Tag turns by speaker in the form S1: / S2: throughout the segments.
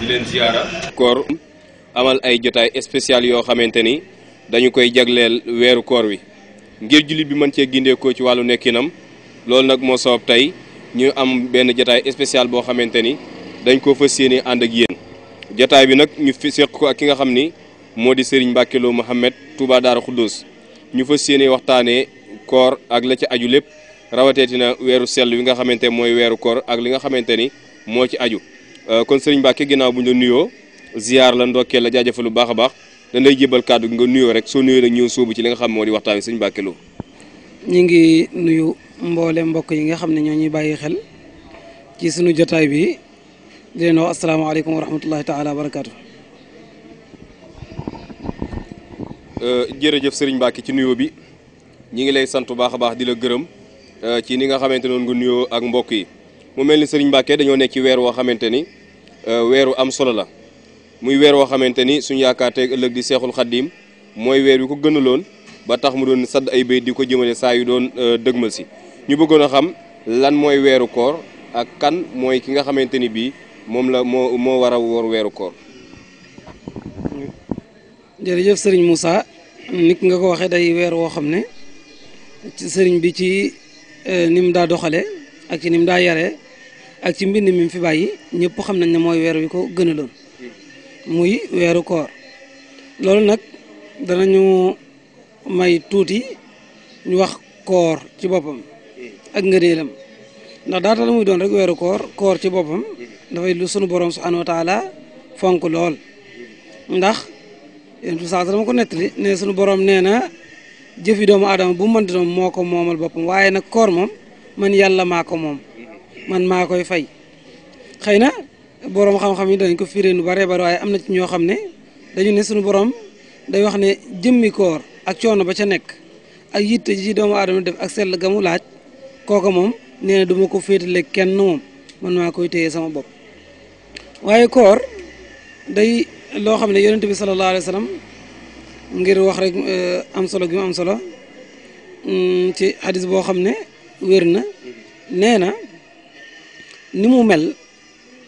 S1: di leen amal ay jotaay spécial yoo xamante ni dañu koy jagleel weeru koor wi ngir jullit bi mën cee koo ci wàllu nekkinam loolu nag moo sabab tey ñu am benn jotaay spécial boo xamante ni dañ ko fas yéene ànd ak yéen jotaay bi nag ñu fi ko ak ki nga xam ni moo di Serigne Mbacke Lo Mouhamed Touba Daara Khoudous ñu fa yéene waxtaanee koor ak la ci aju lépp na weeru sell wi nga xamante mooy weeru koor ak li nga xamante ni moo ci aju euh, kon Serigne Mbacke ginnaaw bu ñu nuyoo ziar la ndokkeel la jaajëfal lu baax a baax dañ lay jébal kàddu nga nuyoo rek soo nuyoo nag ñëw ci li nga xam moo di waxtaan wi Serigne
S2: ñu ngi nuyu mboole mbokk yi nga xam ne ñoo ñuy bàyyi xel ci sunu jotaay bi di leen wax asalaamaaleykum wa rahmatullahi taala wa
S1: Euh, jërëjëf Serigne Mbacke ci nuyoo bi ñi ngi lay sant bu baax a baax di la gërëm euh, ci ni nga xamante noonu nga nuyoo ak mbokk yi mu mel ni Serigne Mbacke dañoo nekk ci weer woo xamante ni euh, weeru am solo la muy weer woo xamante ni suñu yaakaar tey ëllëg di seexul xaddiim mooy weer wi ko gënaloon ba tax mu doon sadd ay béy di ko jëmale saa yu doon dëgmal si ñu bëggoon a xam lan mooy weeru koor ak kan mooy ki nga xamante ni bii moom la moo moo war a woor weeru koor.
S2: jërëjëf sëriñ Moussa nit nga ko waxee day weer woo xam ne sëriñ bi ci eh, ni mu daa doxale ak ci ni mu daa yaree ak ci mbind mi mu fi bàyyi ñëpp xam nañ ne mooy weer wi ko gënaloon muy weeru koor loolu nag dana ñu may tuuti ñu wax koor ci boppam ak ngëneelam ndax daata la muy doon rek weeru koor koor ci boppam dafay lu sunu borom subhanahu wa taala fonk lool ndax yonent bi saa ko nettali ne suñu borom nee na jëf yi doomu aadama bu mën di doon moo ko moomal boppam waaye nag koor moom man yàlla maa ko moom man maa koy fay xëy na borom xam yi dañ ko firee nu bare bare waaye am na ci ñoo xam ne dañu ne suñu borom day wax ne jëmmi ak coono ba ca nekk ak yitte ji doomu aadama def ak sell ga laaj kooka moom nee duma ko féetale kenn moom man maa koy téye sama bopp waaye koor day loo xam ne yonent bi sallallahu alayhi wa ngir wax rek eh, am solo gi solo mm, ci xadis boo xam ne wér na nee na ni mu mel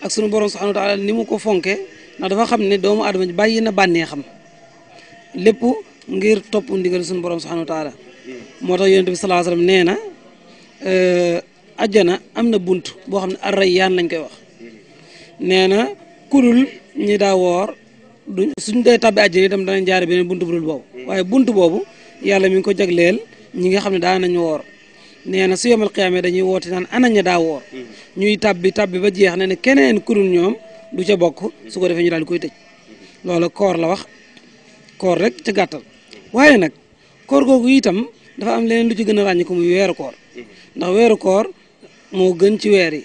S2: ak sunu borom subhanahu wa ni mu ko fonke dafa xam ne doomu aadama ji bàyyi na bànnee lépp ngir topp ndigal sunu borom subhanahu wa moo tax yonent bi sallallahu alayhi wa sallam na eh, am na bunt boo xam ne ar rayyaan lañ koy wax nee na ñi daa woor du suñ dee tabbi àjjana itam danañ jaare beneen bunt bu dul boobu waaye bunt boobu yàlla mi ngi ko jagleel ñi nga xam ne daa nañu woor nee na su yomal xiyaamee dañuy woote naan anaña daa woor ñuy tabbi tabbi ba jeex na ne keneen kurul ñoom du ca bokk su ko defee ñu daal di koy tëj loolu koor la wax koor rek ca gàttal waaye nag koor googu itam dafa am leneen lu ci gën a ràññi ko muy weeru koor ndax weeru koor moo gën ci weer yi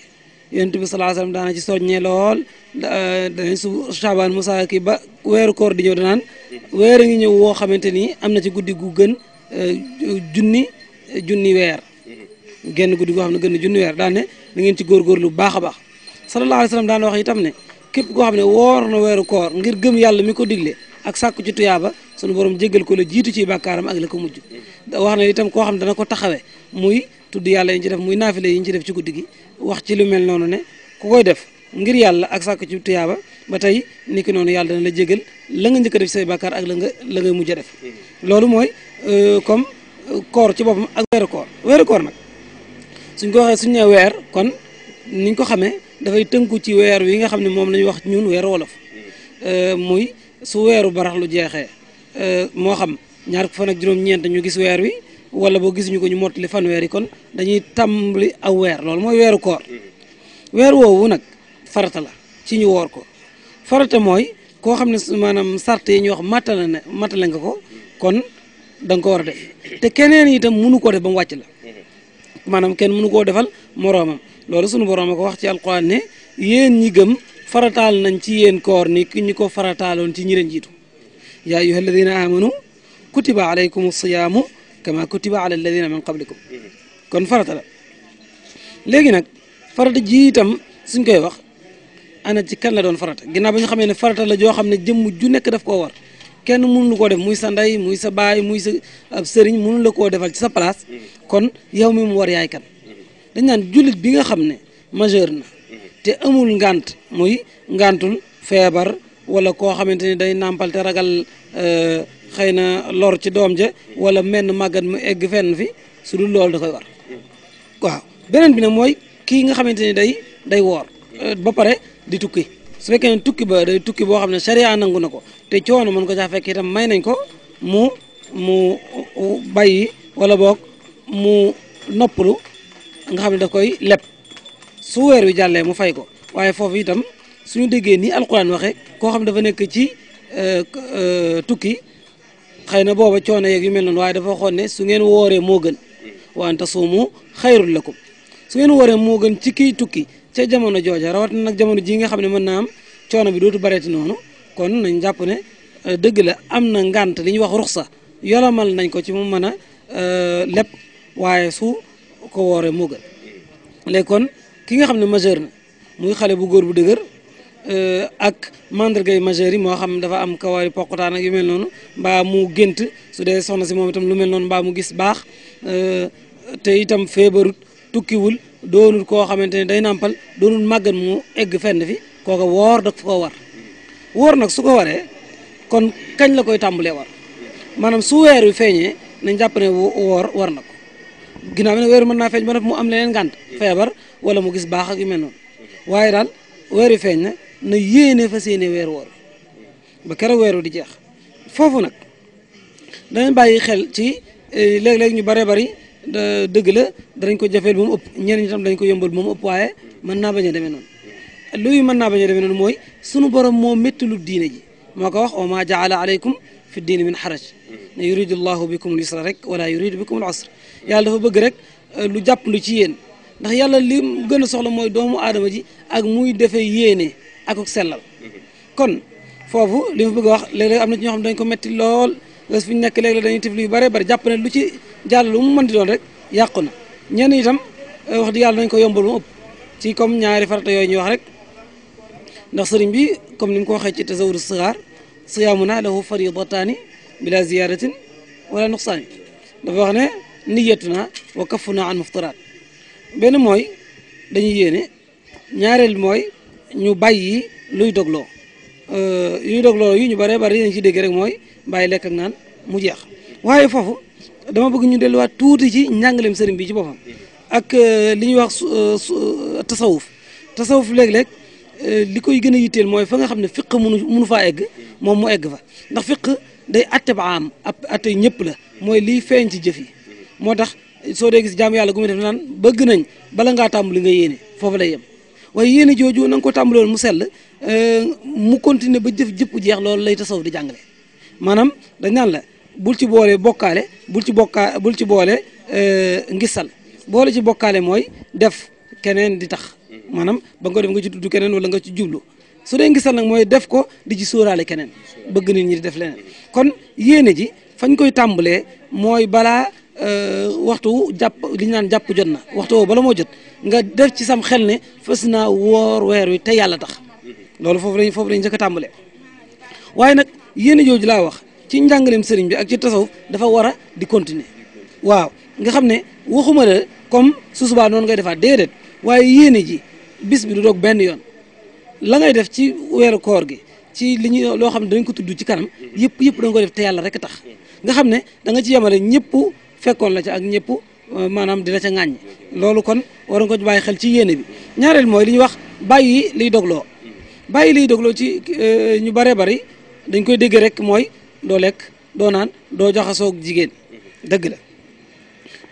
S2: yonent bi sallallahu alayhi wasallam daana ci soññee lool danañ su saabaan Moussa kii ba weeru koor di ñëw danaan weer a ñëw woo xamante ni am na ci guddi gu gën eh, junni junni weer genn guddi goo xam ne gën junni weer daan ne ngeen ci góorgóorlu bu baax a baax sallallahu alayhi wa sallam daan wax itam ne képp koo xam ne woor na weeru koor ngir gëm yàlla mi ko digle ak sàkku ci tuyaaba sunu borom jéggal ko la jiitu ci bàkkaaram ak la ko mujj wax na itam koo xam ne dana ko taxawe muy tudd yàlla yi ñu ci def muy naafile yi ñu ci def ci guddi gi wax ci lu mel noonu ne ku koy def ngir yalla ak sak ci tiyaba ba tay niki noonu yalla dana la jégal la nga njëkk a def say bàkkaar ak la nga la ngay mujj a def loolu mooy euh, comme euh, koor ci boppam ak weeru koor weeru koor nak suñ ko waxe suñ ñe weer kon niñ ko da fay teunku ci weer wi nga xamné mom lañ wax ñun weeru wolof euh, muy su weeru barax lu euh mo xam ñaar fan ak juroom ñent ñu gis weer wi wala gis ñu ko ñu mottali fanweer yi kon dañuy tambli aw weer lolu moy weeru koor weer woowu nak farata la ci ñu woor ko farata mooy koo xam ne maanaam sart yi ñuy wax matala na matala nga ko kon da nga ko war a te keneen itam munu koo def ba mu wàcc maanaam kenn munu koo defal moroomam loolu sunu boroom a ko wax ci alquran ne yéen ñi gëm farataal nañ ci yéen koor ni ñu ko farataaloon ci ñi leen jiitu yaa ayyuha alladina amanu kutiba alaykum siyaamu kama kutiba ala alladina min qablikum kon farata la léegi nag farata ji itam suñ koy wax ana ci kan la doon farata ginnaaw ba ñu xamee ne farata la joo xam ne jëmm ju nekk daf koo war kenn mënu lu koo def muy sa ndey muy sa baay muy sa ab sëriñ mënu la koo defal ci sa place kon yow mi mu war yaay kan dañ naan jullit bi nga xam ne majeur na te amul ngant muy ngantul feebar wala koo xamante ni day nàmpal te ragal euh, xëy na lor ci doom ja wala menn màggat mu egg fenn fi su dul loolu dafay koy war waaw beneen bi nag mooy kii nga xamante ni day day woor euh, di tukki su fekkee ne tukki ba day tukki boo xam ne sariya nangu na ko te coono mën ko caa fekk itam may nañ ko mu mu bàyyi wala boog mu noppalu nga xam ne daf koy leb su weer wi jàllee mu fay ko waaye foofu itam suñu déggee nii alquran waxe koo xam ne dafa nekk ci euh, euh, tukki xëy na booba coono yeeg mel noonu waaye dafa waxoon su ngeen wooree moo gën wa an tasuumu xayrul lakum su ngeen waree moo gën ci kiy tukki ca jamono jooja rawat nag jamono jii nga xam ne mën na am coono bi dootu bareeti noonu kon nañ jàpp ne euh, dëgg la am na ngànt li ñuy wax ruxsa yolomal nañ ko ci mu mën a euh, lépp waaye su ko wooree moo gën kon ki nga xam ne majeur na muy xale bu góor bu dëgër euh, ak mandargay majeur yi moo xam dafa am kawaari poqutaan ak yu mel noonu mbaa mu gént su dee soxna si moom itam lu mel noonu mbaa mu gis baax te itam feebarut tukkiwul doonul koo xamante ne day nàmpal doonul màggat mu egg fenn fi kooka woor da ko war woor nag su ko waree kon kañ la koy tàmbalee war maanaam su weer wi feeñee nañ jàpp woor war na ko ginnaaw bi nag weer mën naa feeñ ba mu am leneen feebar wala mu gis baax ak yu mel noonu waaye daal weer wi feeñ na na yéene fa séenee weer woor ba keroog weer wi di jeex foofu nag danañ bàyyi xel ci eh, léeg-léeg ñu bare bari dëgg la danañ ko jafeel ba mu ëpp ñenn ñi tam dañ ko yombal ba ëpp waaye mën naa bañ a demee noonu luy mën naa bañ a demee noonu mooy sunu borom moo méttilu diine ji moo ko wax wa ma jaala aleykum fi diine min xaraj ne yuridu llahu bikum lisra rek wala yuridu bikum al usra yàlla dafa bëgg rek euh, lu jàpp lu ci yéen ndax yàlla li gën a soxla mooy doomu aadama ji ak muy defee yéene ak sellal kon foofu li ma bëgg a wax léeg-léeg am na ci ñoo xam dañ bés fi ñu nekk léeg dañuy tifli yu bare bari jàpp lu ci jàll lu mu mën di doon rek yàqu na ñenn itam euh, wax dëgg yàlla nañ ko yombal mu ëpp ci comme ñaari farata yooyu ñuy wax rek ndax sëriñ bi comme ni mu ko waxee ci tasawur sigaar siyaamuna lahu faridataani bila ziyaratin wala nuqsaani dafa wax ne na wa kafuna an muftaraat benn mooy dañuy yéene ñaareel mooy ñu bàyyi luy dogloo euh, luy dogloo yi ñu bare bari dañ ci dégg rek mooy bàyyi lekk ak naan mu jeex waaye foofu dama bëgg ñu delluwaat tuuti ci njàngaleem sëriñ bi ci boppam ak euh, li ñuy wax euh, euh, tasawuf tasawuf léeg-léeg li koy gën a yitteel mooy fa nga xam ne fiq munu munu faa egg moom mu egg fa ndax fiq day atte ba am ab ñëpp la mooy liy feeñ ci jëf moo tax soo dee gis jaam yàlla gu muy naan bëgg nañ bala ngaa tàmbali nga yéene foofu lay yem waaye yéene jooju na ko tàmbaloon mu sell mu continuer ba jëf jëpp jeex loolu lay tasawuf di jàngale maanaam dañ naan la bul ci boole bokkaale bul ci bokkaa bul ci boole euh, ngisal boole ci bokkaale mooy def keneen di tax maanaam ba nga def nga ci tudd keneen wala nga ci jublu su dee ngisal nag mooy def ko di ci sooraale keneen bëgg nit ñi di def leneen kon yéene ji fañ koy tàmbalee mooy balaa euh, waxtu jàpp li ñu naan jàpp jot na waxtu woo bala moo jot nga def ci sam xel ne fas naa woor weer wi te yàlla tax loolu foofu lañ foofu lañ njëkk tàmbalee waaye nag yéene jooju laa wax ci njàngaleem sëriñ bi ak ci tasaw dafa war a di continuer waaw nga xam ne waxuma la comme su noonu ngay defaat déedéet waaye yéene ji bis bi du doog benn yoon la ngay def ci weeru koor gi ci li ñu loo xam ne dañ ko tudd ci kanam yëpp yëpp da nga ko te yàlla rek tax nga xam ne da nga ci yemale ñëpp fekkoon la ca ak ñëpp euh, maanaam dina ca ŋàññ loolu kon war nga ko bàyyi xel ci yéene bi ñaareel mooy li ñuy wax bàyyi liy dogloo bàyyi liy dogloo ci euh, ñu bare bari dañ koy dégg rek mooy doo lekk doo naan doo jaxasoog jigéen dëgg la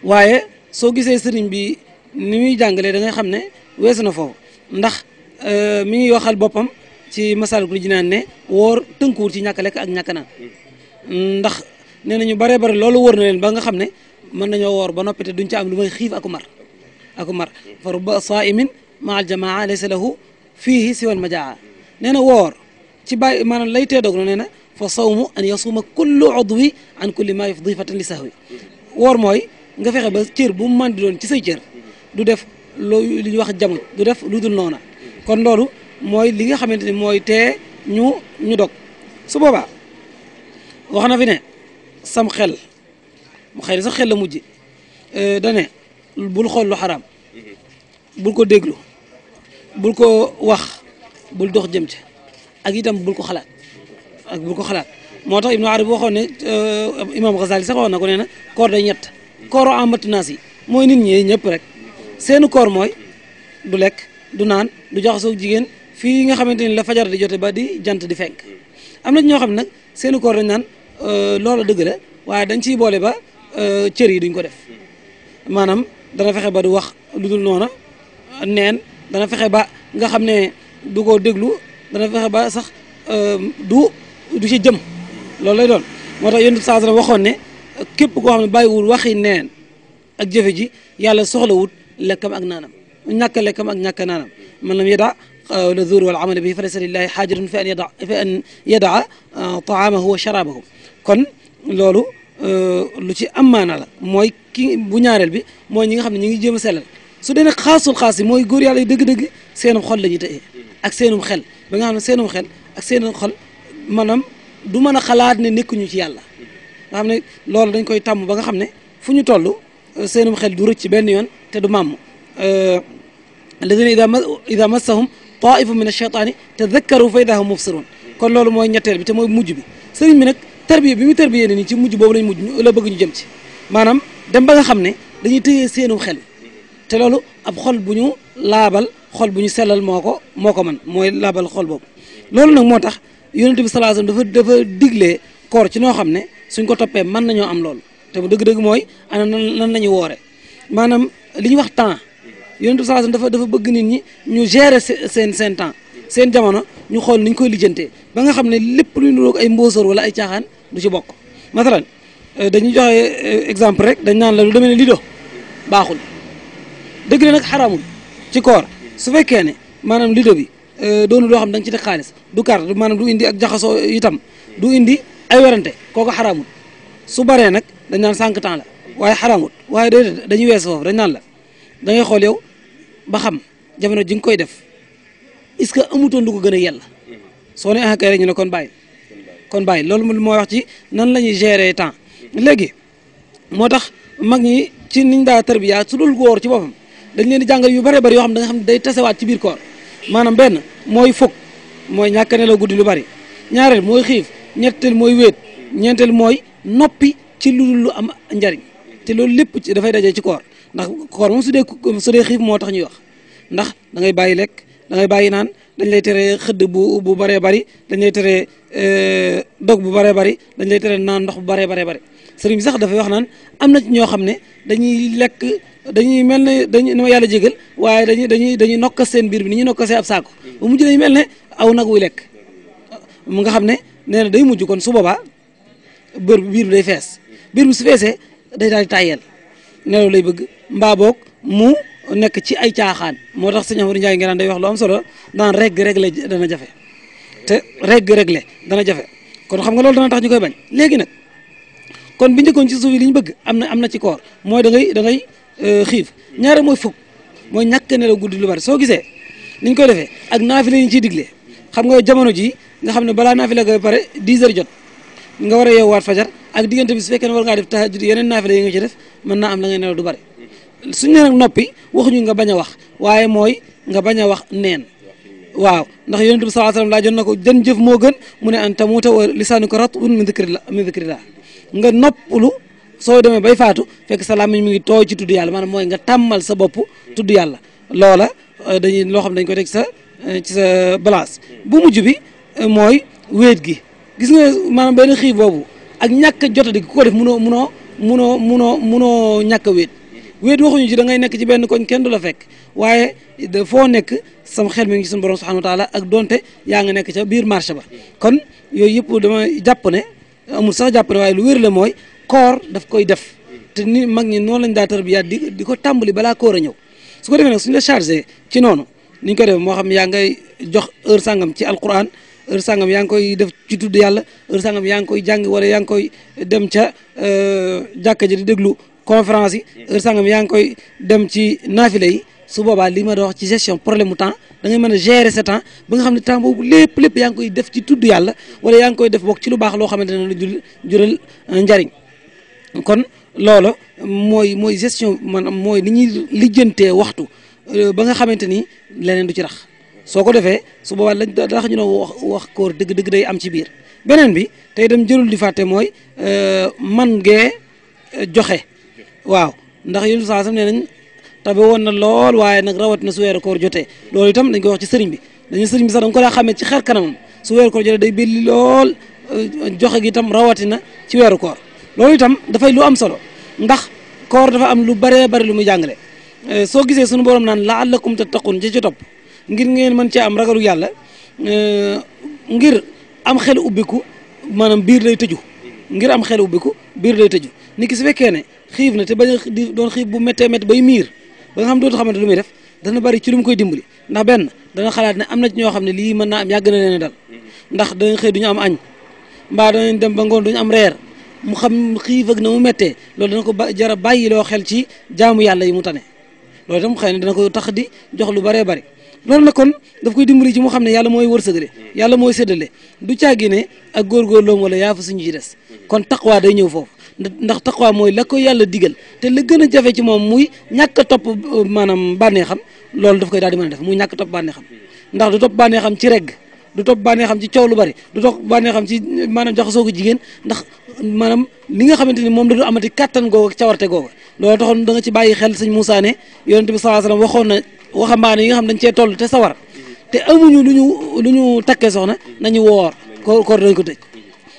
S2: waaye soo gisee sëriñ bi ni muy jàngalee da ngay xam ne weesu na foofu ndax euh, mi ngi waxal boppam ci gu Jinaan ne woor tënkuwul ci ñàkk lekk ak ñàkk naan ndax nee nañu bare bare loolu wóor na leen ba nga xam ne mën nañoo woor ba noppi duñ ci am lu may xiif ak mar ak mar fa saimin ma al jamaa laysa lahu fiihi siwal majaa nee na woor تباي ما نليت يدقنا هنا فصوم أن يصوم كل عضو عن كل ما يفضيفة لسهوي ورموي نقف غب كير بوم ما ندون تسيجر دودف لو اللي واخد جمود دودف لود النونا كن لولو موي ليه خمنت موي تا نيو نيو دك سبوبا وخنا فينا سام خل مخير سام خل لموجي دهنا بول خال لو حرام بول كو دقلو بول كو واخ بول دخ جمته ak itam bul ko xalaat ak bul ko xalaat moo tax Ibnu Arabi waxoon ne euh, Imam Ghazali sax waxoon na ko na koor day ñett kooro amat naas yi mooy nit ñi ñëpp rek seenu koor mooy du lekk du naan du jaxasoo jigéen fii nga xamante ni la fajar di jote ba di jant di fenk am na ñoo xam nag seeni koor dañ naan euh, loolu dëgg la waaye dañ ciy boole ba euh, cër yi duñ ko def maanaam dana fexe ba du wax lu dul noona neen dana fexe ba nga xam ne du ko déglu dana fexe ba sax du du ci jëm loolu lay doon moo tax yonent saa waxoon ne képp koo xam ne bàyyiwul waxi neen ak jëfe ji yàlla soxlawut lekkam ak naanam ñàkk a lekkam ak ñàkk a naanam man lam yada nazuur wal amal bi fa laysa lillahi xaajatun fi an yada fi an yadaa taamahu wa sharabahu kon loolu lu ci am maana la mooy ki bu ñaareel bi mooy ñi nga xam ne ñi ngi jéem a sellal su dee nag xaasul xaas yi mooy góor yàlla yu dëgg-dëgg seenum xol la ñuy tëye ak seenum xel ba nga xam ne seenum xel ak seen xol maanaam du mën a xalaat ne nekkuñu ci yàlla nga xam loolu dañ koy tàmm ba nga xam ne fu ñu toll euh, seenum xel du rëcc benn yoon te du màmm euh, alladina ida ida massahum taifu min alcheytaani tadakkaru fa idahum mubsiroon kon loolu mooy ñetteel bi te mooy mujj bi sëriñ bi nag tarbiya bi mu tarbiya ne nii ci mujj boobu lañ mujj la bëgg ñu jëm ci maanaam dem ba nga xam ne dañuy tëyee seenum xel te loolu ab xol bu ñu laabal xol bu ñu sellal moo ko moo ko man mooy laabal xol boobu loolu nag moo tax yonent bi sallallahu dafa dafa diglee koor ci noo xam ne suñ ko toppee mën nañoo am loolu te bu dëgg-dëgg mooy ana nan nan la ñu woore maanaam li ñuy wax temps yonent dafa dafa bëgg nit ñi ñu gérer seen seen temps seen jamono ñu xool ni koy lijjantee ba nga xam ne lépp luy ñu roog ay mbóosóor wala ay caaxaan du ci bokk masalan euh, dañuy joxe euh, exemple rek dañ naan la lu demee ne lido baaxul dëgg la nag xaraamul ci koor su fekkee ne maanaam lido bi euh, doonu loo xam da nga ci def xaalis du carte du du indi ak jaxasoo itam du indi ay werante kooku xaraamul su baree nag dañ naan sànq temps waaye xaraamul waaye déedéet dañuy weesu foofu dañ naan la da ngay xool yow ba xam jamono ji nga koy def est-ce que amutoon lu ko gën a yella soo ne ah kay rek ñu ne kon bàyyi kon bàyyi loolu moo wax ci nan la ñuy gérer temps léegi moo tax mag ñi ci niñ daa tarbiya su dul woor ci boppam dañ leen di jàngal yu bare bëri yoo xam nga xam ne day tasewaat ci biir koor maanaam benn mooy fukk mooy ñàkk nelaw guddi lu bari ñaareel mooy xiif ñetteel mooy wéet ñeenteel mooy noppi ci lu lu am njariñ te loolu lépp ci dafay dajee ci koor ndax koor moom su dee su dee xiif moo tax ñuy wax ndax da ngay bàyyi lekk dangay ngay bàyyi naan dañ lay tere xëdd bu bu bëree bëri dañ lay tere eh, dog bu bare bari dañ lay tere naan ndox bu bëree bëree bëri sëriñ bi sax dafay wax naan am na ci ñoo xam ne dañuy lekk dañuy mel ne dañuy na ma yàlla jégal waaye dañuy dañuy dañuy nokkas seen biir bi ni ñuy nokkasee ab saako bu mujj dañuy mel ne aw nag wuy lekk mu nga xam ne nee day mujj kon su boobaa bër biir bi day fees biir bi su feesee day daal di tàyyeel nelaw lay bëgg mbaa boog mu nekk ci ay caaxaan moo tax sëñ Amadou Ndiaye ngeen day wax lu am solo naan reg réglé dana jafe te reg réglé dana jafe kon xam nga loolu dana tax ñu koy bañ léegi nag kon bi njëkkoon ci suuf bëgg am na am na ci koor Euh, xiif ñaare mooy fukk mooy ñàkk nelaw guddi lu bari soo gisee niñ koy defee ak naafila yi ñu ciy digle xam nga jamono ji nga xam ne balaa naafila ga bare 10 heures jot nga war a yeewaat fajar ak diggante bi su fekkee ne war ngaa def tahajjud yeneen naafila yi nga ci def mën naa am la ngay du bari suñ ne nag noppi waxuñu nga bañ a wax waaye mooy nga bañ a wax neen waaw ndax yonent bi sallallahu alayhi wasallam laajoon na ko jën jëf moo gën mu ne an tamuuta wa lisaanu ko ratbun min dhikrillah min dhikrillah nga noppalu soo demee bay faatu fekk sa làmmiñ mi ngi tooy ci tudd yàlla maanaam mooy nga tàmmal sa bopp tudd yàlla loola euh, dañuy loo xam dañ ko teg sa ci sa place euh, bu mujj bi euh, mooy wéet gi gis nga maanaam benn xiif boobu ak ñàkk a jotadi ku ko def munoo munoo munoo munoo munoo ñàkk a wéet wéet waxuñu ci da ngay nekk ci benn koñ kenn du la fekk waaye foo nekk sam xel mi ngi suñu borom subhanahu wa taala ak donte yaa nga nekk ca biir marché ba kon yooyu yëpp dama jàpp ne amul sax jàpp ne waaye lu wér la mooy koor daf koy def te ni mag ñi noonu lañ daa tarbiyaat di ko tàmbali balaa koor a ñëw su ko defee nag suñ la chargé ci noonu ni ñu ko def moo xam yaa ngay jox heure sangam ci alquran heure yaa ngi koy def ci tudd yàlla sangam yaa ngi koy jàng wala yaa ngi koy dem ca euh, jàkka ji di déglu conférence yi sangam yaa ngi koy dem ci naafile yi su boobaa li ma wax ci gestion problème mu temps da ngay mën a gérer xam ne temps boobu lépp lépp yaa ngi koy def ci tudd yàlla wala yaa ngi koy def bokk ci lu baax loo xamante ne la jural euh, njariñ kon loola mooy mooy gestion maanaam mooy ni ñuy lijjante waxtu euh, ba nga xamante ni leneen du ci rax soo ko defee su boobaa lañ tax ñu ne wax wax koor dëgg day am ci biir beneen bi tey dem jërul di fàtte mooy euh, man gee euh, joxe waaw ndax yéen saa nee nañ tabe woon na lool waaye nag rawat na su weeru koor jotee loolu itam dañ koy wax ci sëriñ bi dañu sëriñ bi sax danga ko xamee ci xar kanamam su weeru koor jotee day belli lool joxe gi itam rawatina ci weeru koor loolu itam dafay lu am solo ndax koor dafa am lu baree bari lu muy jàngale euh, soo gisee sunu borom naan laallakum tattaqun ja ci topp ngir ngeen mën cee am ragalu yàlla euh, ngir am xel ubbiku maanaam biir lay tëju ngir am xel ubbiku biir lay tëju ni ki su fekkee ne xiif na te ba di doon xiif bu mettee métt bay miir ba nga xam dootu xamante lu muy def dana bari ci lu mu koy dimbali ndax benn dana xalaat ne am na ci ñoo xam ne lii mën naa am yàgg na leen dal ndax danañ xëy duñu am añ mbaa danañ dem ba ngoon duñu am reer mu xam xiif ak na mu méttee loolu dana ko ba jar bàyyi loo xel ci jaamu yàlla yi mu tane loolu itam xëy na dana ko tax di jox lu bare bari loolu nag kon daf koy dimbali ci mu xam ne yàlla mooy war wërsëgale yàlla mooy séddale du caagi ne ak góorgóorloom wala yaa fa suñu ci des kon waa day ñëw foofu ndax taqwa mooy la ko yàlla digal te la gën a jafe ci moom muy ñàkk topp maanaam bànneexam xam loolu daf koy daal di mën def muy ñàkk topp bànnee xam ndax du topp bànnee xam ci regg du topp bànnee xam ci coow lu bari du topp bànnee xam ci maanaam jaxasoo ko jigéen ndax maanaam li nga xamante ni moom da du amati kàttan googu ak cawarte googu loolu taxoon da nga ci bàyyi xel sëñ Moussa ne yonent bi sallallahu alayhi wasallam waxoon na waxambaane yi nga xam dañ cee toll te sawar te amuñu lu ñu lu ñu takkee soxna nañu woor ko dañ ko tëj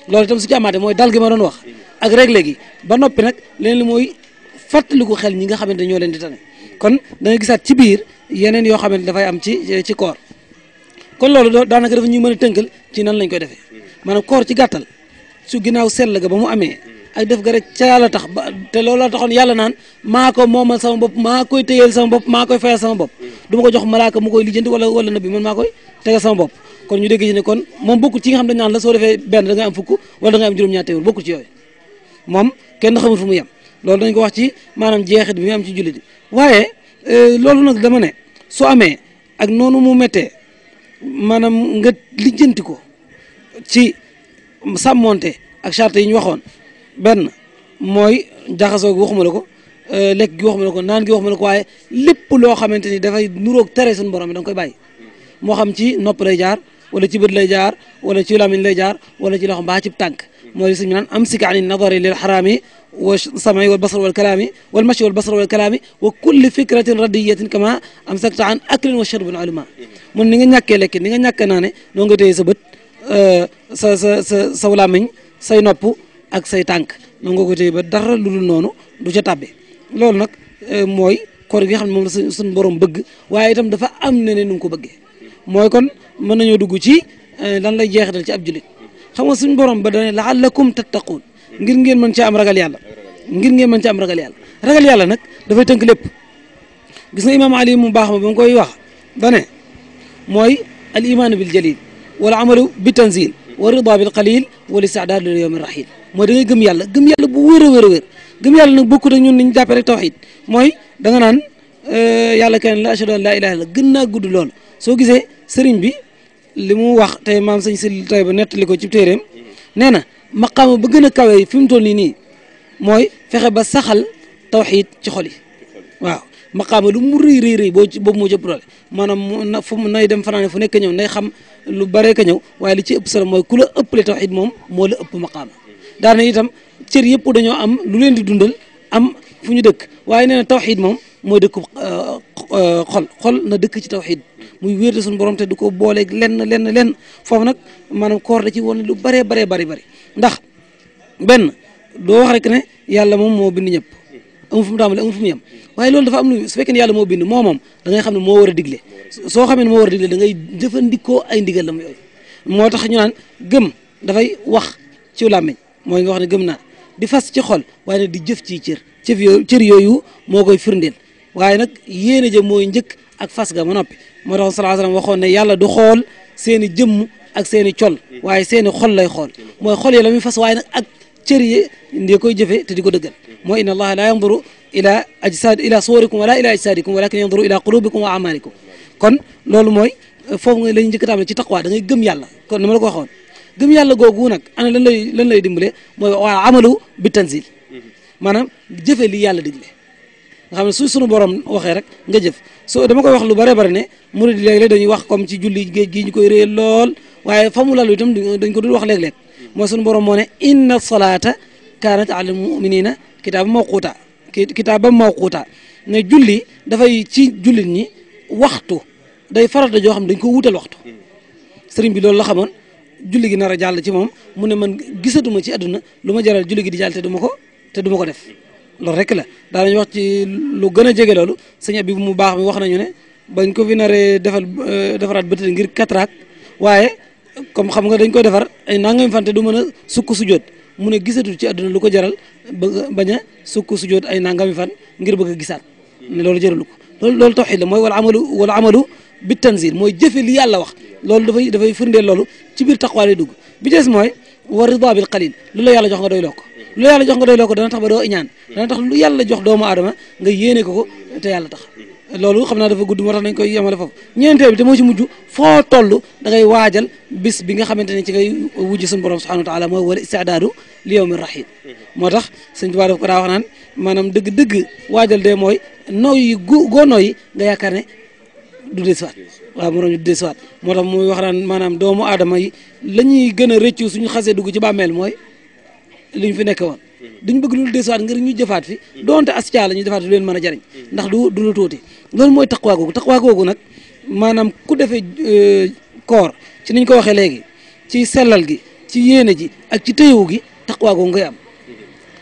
S2: loolu itam su ci amaate mooy dal gi ma doon wax ak réglé gi ba noppi nag leen li mooy fàttaliku xel ñi nga xamante ñoo leen di tane kon da gisaat ci biir yeneen yoo xamante dafay am ci ci koor kon loolu daanaka dafa ñuy mën a tënkal ci nan lañ koy defee hmm. maanaam koor ci gàttal su ginnaaw sell ga ba mu amee hmm. ak def ga rek ca yàlla tax ba te loolu la taxoon yàlla naan maa ko moomal sama bopp maa koy téyeel sama bopp maa koy fayal sama bopp hmm. du ma ko jox malaaka mu koy lijjanti wala wala nabi man maa koy tegal sama bopp kon ñu dégg ci ne kon moom bokkul ci nga xam dañ naan la soo defee benn da ngay am fukk wala da ngay am juróom-ñaar téewul bokkul ci yooyu moom kenn xamul fu mu yem loolu dañ ko wax ci maanaam jeexit bi mu am ci jullit waaye euh, loolu nag dama ne su amee ak noonu mu méttee maanaam nga lijjanti ko ci sàmmonte ak charte yi ñu waxoon benn mooy jaxasoo gi ma la ko euh, lekk gi waxuma la ko naan gi waxuma la ko waaye lépp loo xamante ni dafay nuroog tere suñu borom bi da nga koy bàyyi moo xam ci nopp lay jaar wala ci bët lay jaar wala ci lamiñ lay jaar wala ci loxo mbaa cib tànk مجلس الميلان نعم، امسك عن النظر للحرام والسمع والبصر والكلام والمشي والبصر والكلام وكل فكره رديه كما امسكت عن اكل وشرب علماء من نيغا نياك لك نيغا نياك ناني نونغ تي سبت آه، سولا مين ساي نوبو اك ساي تانك نونغ كو تي دار لول نونو دو جا تابي لول نك آه، موي كور بيغا خن موم سون بوروم بڬ واي تام دا فا ام نينن نونكو بڬي موي كون من نيو دوجو سي آه، لان لا جيخدال سي اب جوليت xam nga suñu borom ba dane laallakum tattaquun ngir ngeen mën cee am ragal yàlla ngir ngeen mën cee am ragal yàlla ragal yàlla nag dafay tënk lépp gis nga imaam ali mu baax ma ba mu koy wax dane mooy al imaanu bil jalil wal amalu bi tanzil wa rida bil qalil wal istidaad lil yawmi rahil mooy da ngay gëm yàlla gëm yàlla bu wér a wér yàlla nag bokkut ak ñun niñ jàppee rek tawxid mooy da nga naan yàlla kenn la ashadu an laa ilaha illa gën naa gudd lool soo gisee sëriñ bi li mu wax tey maam sëñ ba nett li ko ci téeréem neena na maqaama ba gën a kawe fi mu toll nii nii mooy fexe ba saxal tawxiid ci xol yi waaw maqaama lu mu rëy rëy rëy boo ci boobu moo ci ëpp doole maanaam mu na nay dem fanaane fu nekk ñëw nay xam lu bare ka ñëw waaye li ci ëpp solo mooy ku la ëppale tawxiid moom moo la ëpp maqaama daana itam cër yëpp dañoo am lu leen di dundal am fu ñu dëkk waaye nee na tawxiid moom mooy dëkku euh, xol xol na dëkk ci tawxiid muy wéer de suñu borom te du ko booleeg lenn lenn lenn foofu nag maanaam koor da ci won lu bëree baree bëri bëri ndax benn doo wax rek ne yàlla moom moo bind ñëpp amul fu mu tàmbalee amul fu mu waaye loolu dafa am lu su fekkee ne yàlla moo bind moo moom da xam ne moo war a digle soo xamee ne moo war a digle da ngay jëfandikoo ay ndigalam yooyu moo tax ñu naan gëm dafay wax ci làmmiñ mooy nga wax ne gëm naa di fas ci xol waaye nag di jëf ci cër cëf yooyu cër yooyu moo koy firndeel waaye nag yéene ja mooy njëkk ak fas ga ma noppi moo tax sallallahu alayhi wasallam waxoon ne yàlla du xool seeni jëmm ak seeni col waaye seeni xol lay xool mooy xol yi la muy fas waaye nag ak cër yi ndi koy jëfe te di ko dëggal mooy inna allaha la yanzuru ila ajsaad ila suwarikum wala ila ajsaadikum walakin yanzuru ila qulubikum wa amalikum kon loolu mooy foofu nga lañu njëkk a tàmbali ci taqwa waa ngay gëm yàlla kon ni ma la waxoon gëm yàlla googu nag ana lan lay lan lay dimbale mooy waa amalu bi tanzil maanaam jëfe li yàlla digle nga xam ne su sunu borom waxee rek nga jëf soo dama koy wax lu bare bare ne murid léeg-léeg dañuy wax comme ci julli géej gi ñu koy réel lool waaye fa mu lalu itam dañ ko dul wax léeg-léeg mooy sunu borom moo ne inna salaata kaanat alal muminina kitaaba mawquuta kitaaba mawquuta ne julli dafay ci jullit ñi waxtu day farata joo xam ne dañ ko wutal waxtu sëriñ bi loolu la xamoon julli gi nar a jàll ci moom mu ne man gisatuma ci adduna lu ma jaral julli gi di jàll te du ma ko te du ma ko def loolu rek la daanañ wax ci lu gën a jege loolu sëñ Abib mu baax mi wax nañu ne bañ ko fi naree defal euh, defaraat bëtt ngir cataracte waaye comme xam nga dañ koy defar ay nangam fan te du mën a sukk su jot mu ne gisatul ci adduna lu ko jaral ba baña sukk su jot ay nangami fan ngir bëgg gisaat ne loolu jaralu ko loolu loolu tawxiid la mooy wala amalu wala bi tanzil mooy jëfe lu yàlla wax loolu dafay dafay firndeel loolu ci biir taqwa lay dugg bi des mooy wa rida bil qalil lu la yàlla jox nga doy loo ko lu la yàlla jox nga doy loo ko dana tax ba doo iñaan dana tax lu yàlla jox doomu adama nga yéene ko ko te yàlla tax loolu xam naa dafa gudd moo tax nañ koy yemale foofu ñeenteel bi te moo ci mujj foo toll da ngay waajal bis bi nga xamante ne ci ngay wujj suñu borom subhanahu wa taala mooy wala istidaadu li yawmi rahim moo tax sëñ Tuubaa ko daa wax naan maanaam dëgg-dëgg waajal de mooy nooyi gu goo nooyi nga yaakaar ne du desiwaat waaw moroom yi du desiwaat moo tax muy wax naan maanaam doomu aadama yi la gën a rëccu suñu xasee dugg ci bàmmeel mooy liñ fi nekk woon duñ bëgg lu desiwaat ngir ñu jëfaat fi donte as caa la ñu jëfaat fi leen mën a jariñ ndax du du lu tuuti loolu mooy taqwaa googu taqwaa googu nag maanaam ku defee euh, koor ci niñ ko waxee léegi ci sellal gi ci yéene ji ak ci téyewu gi taqwaa googu ngay am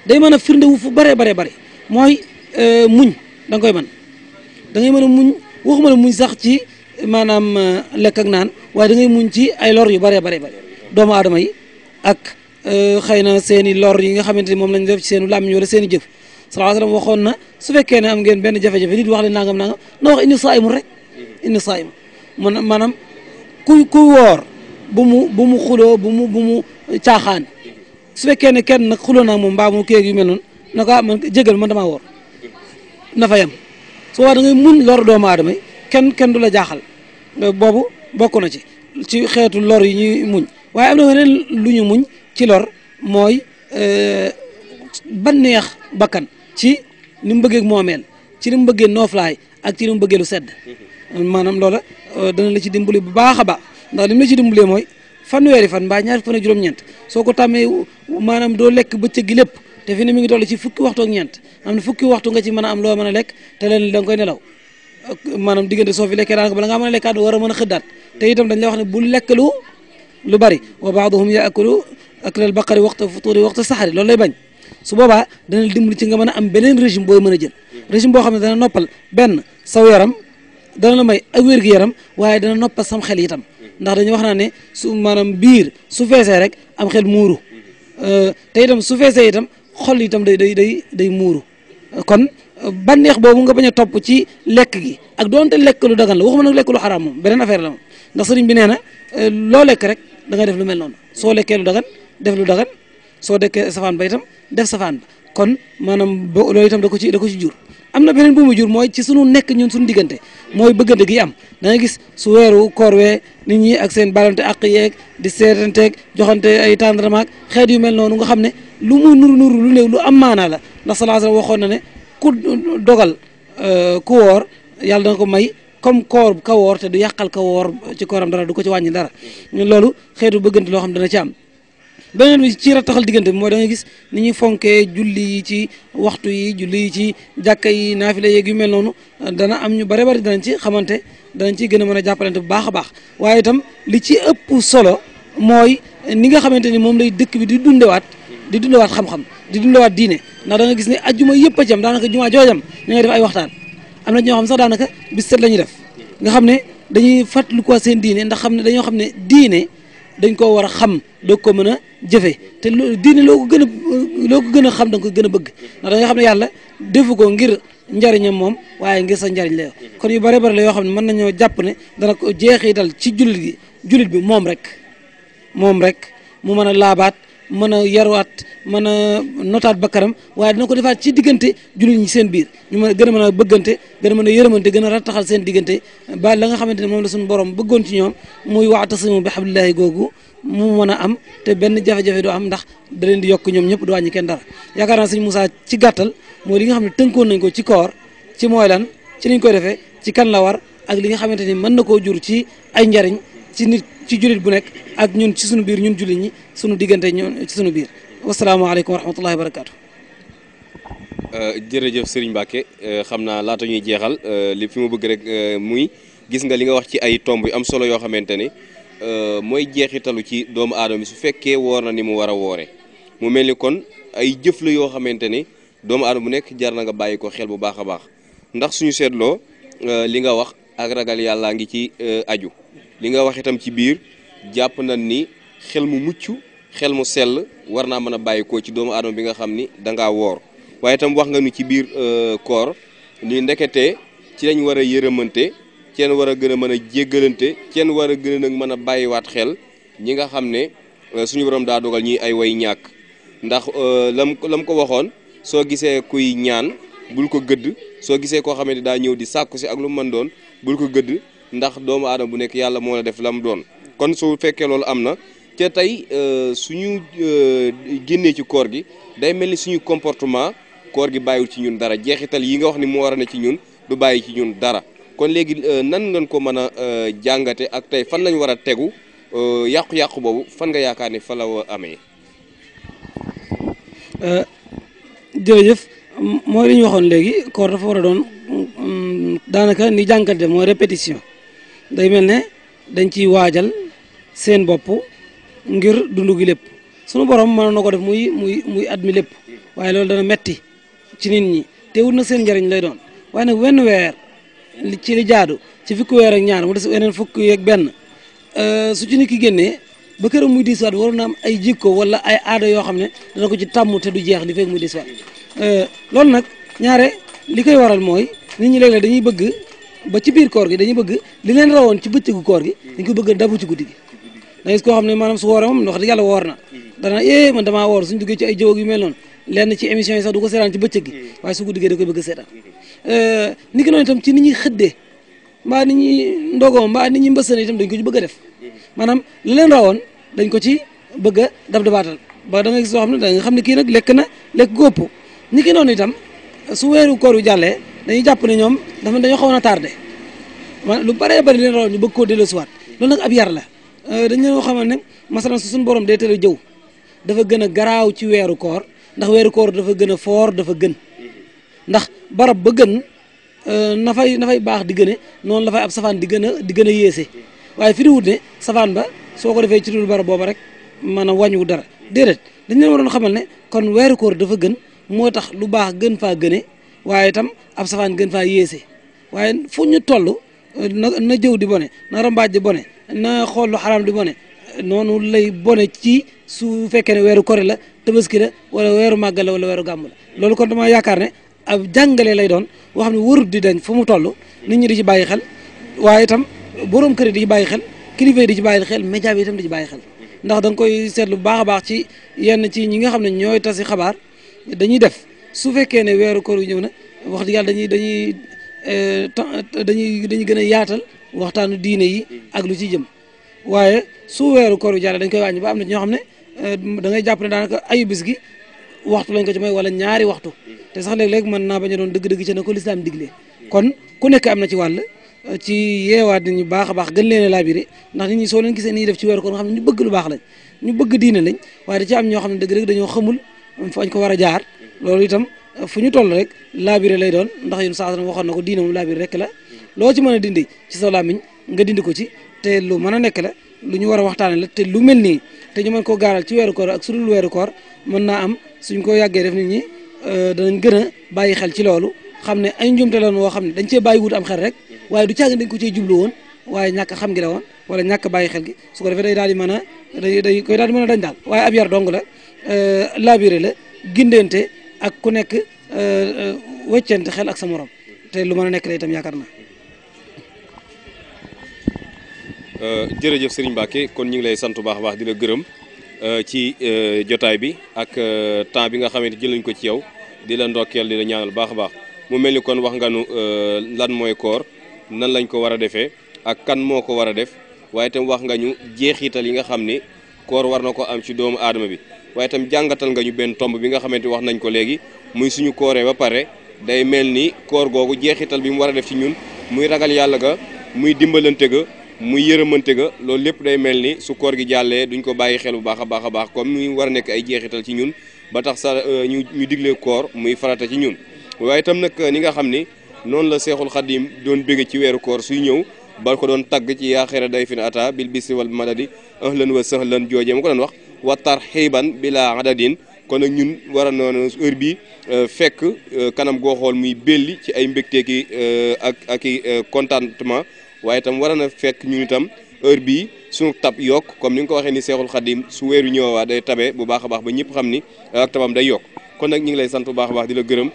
S2: day mën a firnde wu fu bare bare bare mooy euh, muñ da nga koy mën a muñ waxuma la muñ sax ci maanaam euh, lekk ak naan waaye dangay ngay muñ ci ay lor yu bëree bare bëri doomu aadama yi ak euh, xëy na seen i lor yi nga xamante ni moom lañ def ci seen làmmiñ wala seen i jëf sallallahu alayhi wasallam waxoon na su fekkee ne am ngeen benn jafe-jafe nit wax leen nangam nangam na wax inni saayimun rek inni saayimun man maanaam ku ku woor bu mu bu mu bu mu mu caaxaan su fekkee ne kenn nag xuloo naa moom mbaamu mu kéeg yu mel noonu na ko ah, man jégal damaa woor su boobaa da mun lor doomu aadama yi kenn kenn du la jaaxal boobu bokk na ci ci xeetu lor yi ñuy muñ waaye am na weneen lu ñu muñ ci lor mooy euh, neex bakkan ci ni mu bëggee moomeel ci ni mu bëggee nooflaay ak ci ni mu lu sedd maanaam loola euh, dana la ci dimbali bu baax a baax ndax li mu la ci dimbalee mooy fanweeri fan mbaa ñaar fan ak juróom-ñeent soo ko tàmmee maanaam doo lekk bëccëg gi lépp te fi ne mu ngi toll ci fukki waxtu ñeent am na fukki waxtu nga ci mën a am loo mën a lekk te leen da nga koy nelaw maanaam diggante soo fi lekkee daanaka bala ngaa mën a lekkaat war a mën a xëddaat te itam dañ la wax ne bul lekk lu lu bari wa baaduhum yaakulu aklal baqari waxta futuuri waxta saxari loolu lay bañ su boobaa dana dimbali ci nga mën a am beneen régime booy mën a jël régime boo xam ne dana noppal benn saw yaram dana la may ak wér gi yaram waaye dana noppal sam xel itam ndax dañu wax naa ne su maanaam biir su feesee rek am xel muuru te itam su feesee itam xol itam day day day day muuru kon neex boobu nga bañ a topp ci lekk gi ak doonte lekk lu dagan la waxuma nag lekk lu xaraam moom beneen affaire la moom ndax bi nee euh, loo lekk rek da nga def lu mel noonu soo lekkee lu dagan def lu dagan soo dekkee safaan ba itam def safaan ba kon maanaam bo loolu itam da ko ci da ko ci jur am na beneen bu mu jur mooy ci sunu nekk ñun suñu diggante mooy bëggante gi am da gis su weeru koor wee nit ñi ak seen balante ak yeeg di seetanteeg joxante ay tendrement ak xeet yu mel noonu nga xam ne lu mu nuru nuru lu néew lu am maanaa la ndax sallallahu waxoon na ne ku dogal euh, ku woor yàlla dana ko may comme koor ka woor te du yàqal ka woor ci kooram dara du ko ci wàññi dara loolu xeetu bëggante loo xam dana ci am beneen bi ci rattaxal diggante bi mooy gis ni ñuy fonkee julli ci waxtu yi julli yi ci jàkka yi naafila yeeg yu mel noonu dana am ñu bare danañ ci xamante danañ ci gën a mën a jàppalante bu baax a baax waaye itam li ci ëpp solo mooy ni nga xamante ni moom lay dëkk bi di dundewaat di dundawaat xam-xam di dundawaat diine ndax da gis ne ajjuma yëpp a jam daanaka jumaa joojam ñu ngay def ay waxtaan am na ñoo xam sax daanaka bi set la ñuy def nga xam ne dañuy fàttali ko seen diine ndax xam ne dañoo xam ne diine dañ koo war a xam doog ko mën a jëfe te loolu diine loo gën a loo gën a xam da ko gën a bëgg ndax da xam ne yàlla defu ko ngir njariñam moom waaye ngir sa njariñ la kon yu bare bare la yoo xam ne mën nañoo jàpp ne dana ko jeexi dal ci jullit gi jullit bi moom rek moom rek mu mën a laabaat mën a yarwaat mën a notaat bakkaram waaye dina ko defaat ci diggante jullit ñi seen biir ñu mën a gën a mën a bëggante gën a mën a yërëmante gën a rattaxal seen diggante ba la nga xamante ne moom la suñu borom bëggoon ci ñoom muy waatasimu bi hablillahi googu mu mën a am te benn jafe-jafe am ndax da leen di yokk ñoom ñëpp du wàññi kenn dara yaakaar naa sëñ Moussa ci gàttal mooy li nga xam ne tënkoon nañ ko ci koor ci mooy lan ci liñ koy defee ci kan la war ak li nga xamante ni mën na koo jur ci ay njariñ ci nit ci jullit bu nekk ak ñun ci suñu biir ñun jullit ñi suñu diggante ñun ci sunu biir wasalaamaaleykum wa rahmatullahi wa barakaatu.
S1: Euh, jërëjëf Serigne Mbacke euh, xam naa laata ñuy jeexal euh, li fi mu bëgg rek muy gis nga li nga wax ci ay tomb yu am solo yoo xamante ne mooy jeexitalu ci doomu aadama su fekkee woor na ni mu war a woore mu mel ni kon ay jëf yoo xamante ni doomu aadama bu nekk jar na nga bàyyi ko xel bu baax a baax ndax suñu seetloo li nga wax ak ragal yàllaa ngi ci aju. li nga wax itam ci biir japp na ni xel mu muccu xel mu sel war naa mën a ci doomu adam bi nga xamni da nga wor waye itam wax nga nu ci biir euh, koor ni ndekete ci lañ war a yërëmante ci lañ war a gën a mën a jéggalante ci lañ war a gën a nag mën xel ñi nga xamne euh, suñu borom da dogal ñi ay way ñaak ndax euh, lam lam ko waxon so gisé kuy ñaan bul ko gëdd so gisé ko xamante da ñëw di sakku si ak lu mën doon bul ko gëdd ndax doomu aadama bu nekk yàlla moo la def la mu doon kon su fekkee loolu am na te tey euh, suñu euh, génnee ci koor gi day mel ni suñu comportement koor gi bàyyiwul ci ñun dara jeexital yi nga wax ni moo war a ne ci ñun du bàyyi ci ñun dara kon léegi euh, nan ngeen ko mën a jàngate ak tey fan lañu war a tegu yàqu-yàqu boobu fan nga yaakaar ni fa la amee.
S2: jërëjëf mooy li ñu waxoon léegi koor dafa war a doon mm, daanaka ni jàngate mooy répétition. day mel ne dañ ciy waajal seen bopp ngir dund gi lépp sunu borom mën na ko def muy muy muy at mi lépp waaye loolu dana metti ci nit ñi te wut na seen njëriñ lay doon waaye nag wenn weer ci li jaadu ci fukki weer ak ñaar mu des weneen fukki yeeg benn euh, su ci nit ki génnee ba këram muy diiswaat waroon na ay jikko wala ay aada yoo xam ne dana ko ci tàmm te jeex li fekk muy diiswaat euh, loolu nag ñaare li koy waral mooy nit ñi léeg-léeg dañuy bëgg ba ci biir koor gi dañu bëgg li leen rawoon ci bëccëgu koor gi dañ ko bëgg a dabu ci guddi gi da gis koo xam ne maanaam su wooree moom wax dëgg yàlla woor na dana eh man damaa woor suñ duggee ci ay jëwag yu mel noonu lenn ci émission sax du ko seetaan ci bëccëg gi waaye su guddi gi eh, ni ki noonu ci ni ñuy xëddee mbaa ni ñuy ndogoo mbaa ni ñuy mbësane itam dañ ko ci bëgg def maanaam li leen rawoon dañ ko ci bëgg a dab dabaatal ba da nga gis loo xam ne da nga xam ne kii nag lekk na lekk gópp ni ki noonu itam su weeru koor yu jàllee dañuy jàpp ne ñoom dafa dañoo xawoon a tardé maanaam lu bëree bëri leen rawoon ñu bëgg koo delloosiwaat loolu nag ab yar la euh, dañ leen xamal ne masalan su suñu borom dee teel a jëw dafa gën a garaaw ci weeru koor ndax weeru koor dafa gën a foor dafa gën ndax barab ba gën euh, na fay na fay baax di gëne noonu la fay ab di gën a di gën a yéese waaye fi wut ba soo ko defee ci dul barab booba rek mën a dara déedéet dañ leen waroon xamal ne kon weeru koor dafa gën moo tax lu baax gën faa gëne waaye itam ab safaan gën faa yéese waaye fu ñu toll na na jëw di bone na rambaaj di bone na xool lu xaraam di bone noonu lay bone ci su fekkee ne weeru kori la tabaski la wala weeru màggal la wala weeru gàmm la loolu kon dama yaakaar ne ab jàngale lay doon boo xam ne warut di dañ fu mu toll ni ñi di ci bàyyi xel waaye itam borom kër yi di ci bàyyi xel kilifa di ci bàyyi xel média bi itam di ci bàyyi xel ndax da nga koy seetlu baax baax ci yenn ci ñi nga xam ne ñooy tasi xabaar dañuy def su fekkee ne weeru koor wi ñëw na wax dëgg yàlla dañuy dañuy eh, dañuy dañuy gën a yaatal waxtaanu diine yi ak lu ci jëm waaye su weeru koor wi jàll dañ koy wàññi ba am na ñoo xam ne eh, da ngay jàpp ne daanaka ayu bis gi waxtu lañ ko ci may wala ñaari waxtu te sax léeg-léeg mën naa bañ a doon dëgg-dëgg ci na ko lislaam digle kon ku nekk am na ci wàll eh, ci yeewaat nit ñu baax a baax gën leen a laabiré ndax nit ñi soo leen gisee nii def ci weer koor nga xam ne ñu bëgg lu baax lañ ñu bëgg diine lañ waaye da ci am ñoo xam ne dëgg-dëgg dañoo xamul fañ ko war a jaar loolu itam fu ñu toll rek laabire lay doon ndax yun saasana waxoon na ko diine moom laabire rek la loo ci mën a dindi ci sa làmmiñ nga dindi ko ci te lu mën a nekk la lu ñu war a waxtaane la te lu mel nii te ñu mën koo gaaral ci weeru koor ak su dul weeru koor mën naa am suñ ko yàggee def nit ñi euh, danañ gën a bàyyi xel ci loolu xam ne ay njumte loon woo xam ne dañ cee bàyyi wut am xel rek waaye du caagi dañ ko cee jublu woon waaye ñàkk xam gi la woon wala ñàkk bàyyi xel gi su ko defee day daal di mën a day day koy daal mën a dañ daal waaye ab yar dong la euh, laabire la gindeente ak ku nekk euh, euh, wëccante xel ak sa morom te lu mën a nekk la itam yaakaar naa.
S1: Euh, jërëjëf Serigne Mbacke kon ñu ngi lay sant bu baax a baax di la gërëm ci jotaay bi ak temps bi nga xamante jël nañ ko ci yow di la ndokkeel di la ñaanal baax a baax mu mel ni kon wax nga nu lan mooy koor nan lañ ko war a defee ak kan moo ko war a def waaye itam wax nga ñu jeexiital yi nga xam ni koor war na ko am ci doomu aadama bi. waaye itam jàngatal nga ñu benn tomb bi nga xamante wax nañ ko léegi muy suñu kooree ba pare day mel ni koor googu jeexital bi mu war a def ci ñun muy ragal yàlla ga muy dimbalante ga muy yërëmante ga loolu lépp day mel ni su koor gi jàllee duñ ko bàyyi xel bu baax a baax a baax comme ni war a nekk ay jeexital ci ñun ba tax sa euh, ñu ñu digle koor muy farata ci ñun waaye tam nag ni nga xam ni noonu la seexul xadim doon bégg ci weeru koor suy ñëw ba ko doon tagg ci yaa xeera day fin ata bil bisri wal madadi ahlan wa sahlan joojee ma ko doon wax wa xiiban bila adadin kon nag ñun war a noonu heure bi euh, fekk euh, kanam goo xool muy belli ci ay mbégteeki euh, ak ak i contentement waaye tam wara na fekk ñun itam heure bii suñu tab yokk comme ni nga ko waxee ni Seexul Xadim su weeru ñëwaa day tabe bu baax a baax ba ñëpp xam ni ak tabam day yokk kon nag ñu ngi lay sant bu baax a baax di la gërëm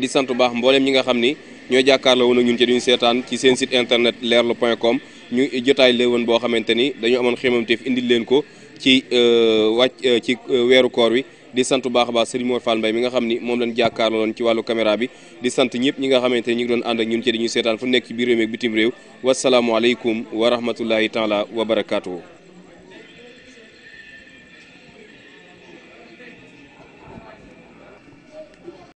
S1: di sant baax mboolem ñi nga xam ni ñoo jàkkaarloo woon ak ñun ci duñu seetaan ci seen site internet leerlu point com ñu jotaay leen woon boo xamante ni dañu amoon xemamteef indil leen ko ci euh, wàcc euh, ci euh, weeru koor wi di sant baax a baax Serigne Mor Fall Mbaye mi nga xam ni moom lañ jàkkaarloon ci wàllu caméra bi di sant ñëpp ñi nga xamante ne ñu ngi doon ànd ak ñun ci di ñu seetaan fu nekk ci biir réew mi ak bitim réew wasalaamualeykum wa rahmatullahi taala wa barakaatuhu